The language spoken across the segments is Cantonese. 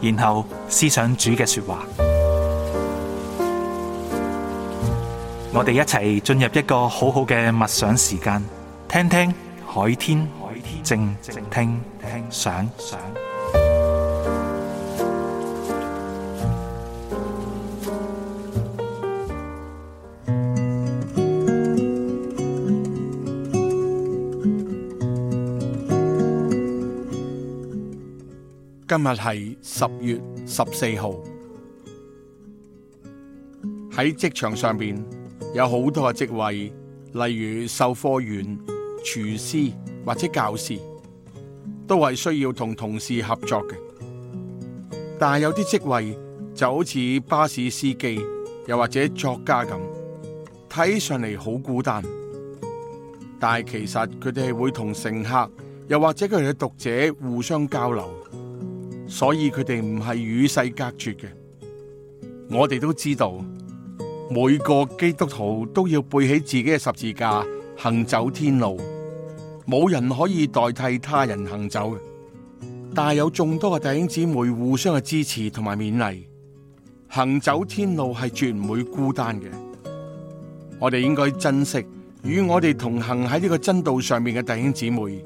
然後思想主嘅說話，我哋一起進入一個好好嘅默想時間，聽聽海天，靜靜聽想想。今日係十月十四號。喺職場上面，有好多嘅職位，例如售貨員、廚師或者教師，都係需要同同事合作嘅。但係有啲職位就好似巴士司機又或者作家咁，睇上嚟，好孤單，但係其實佢哋係會同乘客又或者佢哋嘅讀者互相交流。所以佢哋唔係與世隔絕嘅，我哋都知道每個基督徒都要背起自己嘅十字架行走天路，冇人可以代替他人行走嘅。但有眾多嘅弟兄姊妹互相嘅支持同埋勉勵，行走天路係絕唔會孤單嘅。我哋應該珍惜與我哋同行喺呢個真道上面嘅弟兄姊妹，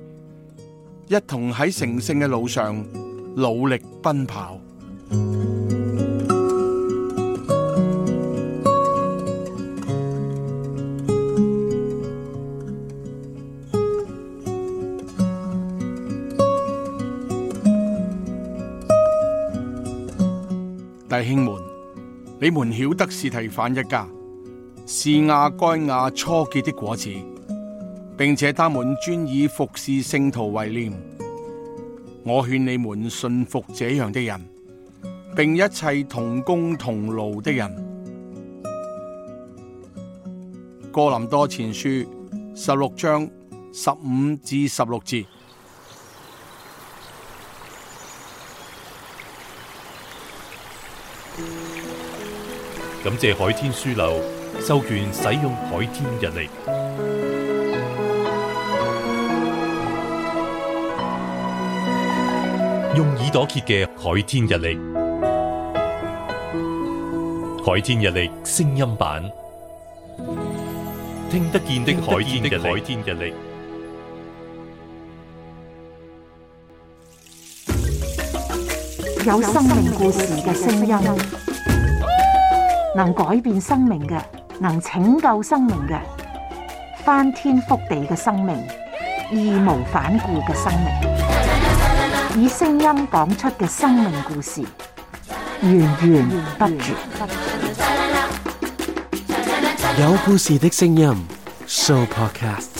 一同喺成聖嘅路上。努力奔跑，弟兄們，你們曉得司提反一家，是亞該亞初結的果子，並且他們專以服侍聖徒為念。我勸你們信服這樣的人，並一切同工同勞的人。哥林多前書十六章十五至十六節。感謝海天書樓授權使用海天日曆。用耳朵聽嘅《海天日曆》，《海天日曆》聲音版，聽得見的《海天日曆》，有生命故事嘅聲音，能改變生命嘅，能拯救生命嘅，翻天覆地嘅生命，義無反顧嘅生命。以聲音講出嘅生命故事，源源不絕，源源不絕，有故事的聲音，Sooo Podcast。